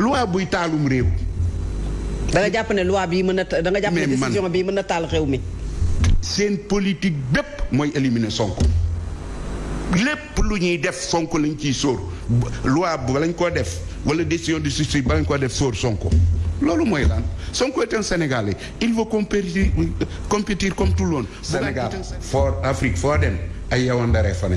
loi buy taalum réew. da nga japp ne loi bi meuna da nga japp ne décision bi meuna tal rew mi. sen politique bépp moy éliminer Sonko lepp luñuy def Sonko lañ ciy sóor loi bu lañ koo def wala décision du justice ba lañ koo def sóor Sonko loolu moy lan Sonko est un Sénégalais il veut compétir euh, compétir comme tout le monde. Sénégal foo Afrique foo dem ay yawandare fa ne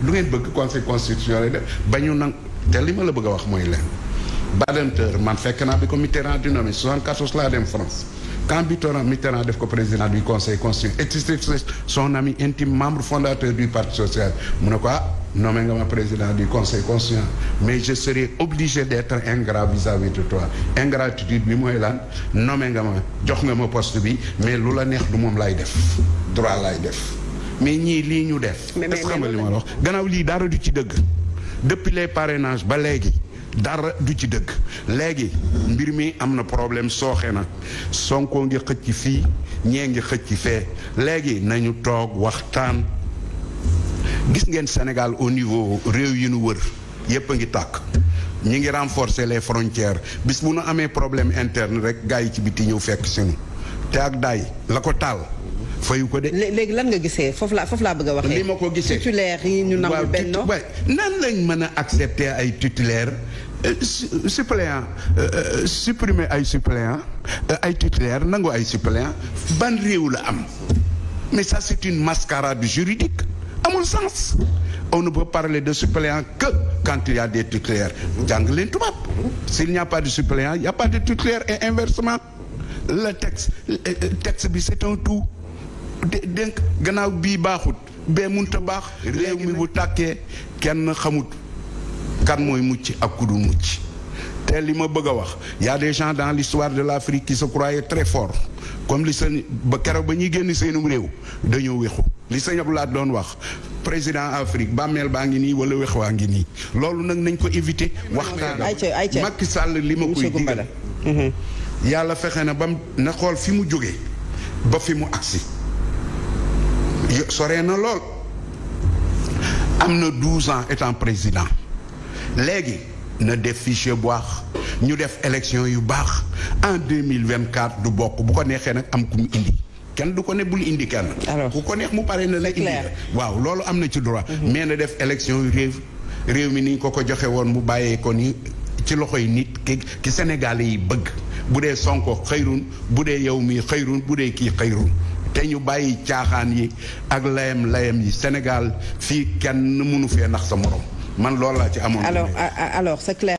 lu ngeen bëgg conseil constitutionnel wax man fekk bi 74 France quand Mitterrand def ko président du conseil constitutionnel son ami intime membre fondateur du parti social mu ne ah, président du conseil constitutionnel mais je serai obligé d'être ingrat vis-à-vis de toi ingratitude nommé mais neex du droit mais ñii lii ñu def. mais mais est-ce que li ma la wax gannaaw lii dara du ci dëgg depuis les parrainages ba léegi. dara du ci dëgg léegi mbir mi am na problème sooxe na Sonko ngi xëcc fii ñee ngi xëcc fee léegi nañu toog waxtaan gis ngeen Sénégal au niveau réew yi nu wër yépp a ngi tàkk ñi ngi renforcer les frontières bis bu nu amee problème interne rek gars ci biti ñëw fekk sunu te ak daay la ko fayu ko de. léegi lan nga gissé foofu la foofu la bëgg waxé li Les titulaire yi ñu nangu benn. waaw nan lañ mëna accepter ay titulaire euh, suppléant euh, euh, supprimer ay suppléant ay titulaire nango ay suppléant ban réew la am mais ça c'est une mascarade juridique amul sens on ne peut parler de suppléant que quand il y a des titulaires jàng leen s'il n'y a pas de suppléant il n'y a pas de titulaire et inversement le texte texte bi c'est un tout dénk gannaaw bii baaxut bee munta baax réew mi bu tàkkee kenn xamut kan mooy mucc ak ku dul mucc te li ma bëgg a wax yaa a des gens dans l'histoire de l'Afrique qui se croyaient très forts comme li sa ba keroog ba ñuy génn seenum réew dañoo wéxu li sëñ Abdoulaye doon wax président Afrique bàmmeel baa ngi nii wala wex waa ngi nii loolu nag nañ ko éviter waxtaan Macky Sall li ma koy digal mhm. yàlla fexe na bam na xool fi mu jógee ba fi mu agsi soree na lol. amna 12 ans étant président légui na def fichier bu ñu def élection yu bax en 2024 du bokku bu ko nexé nak am ku indi kenn du ko ne bul indi kenn ku ko nex mu pare na la indi waaw lolu amna ci droit mhm. mais na def élection yu réew réew mi ni ko ko joxé won mu bayé ko ni ci loxoy nit ki Sénégalais yi bëgg bu Sonko xëyrun bu yow mi dañu bayyi bàyyi yi ak layam layam yi Sénégal fii kenn mënu fee nax sa morom man loolu laa ci amoon. alors alors c'est clair.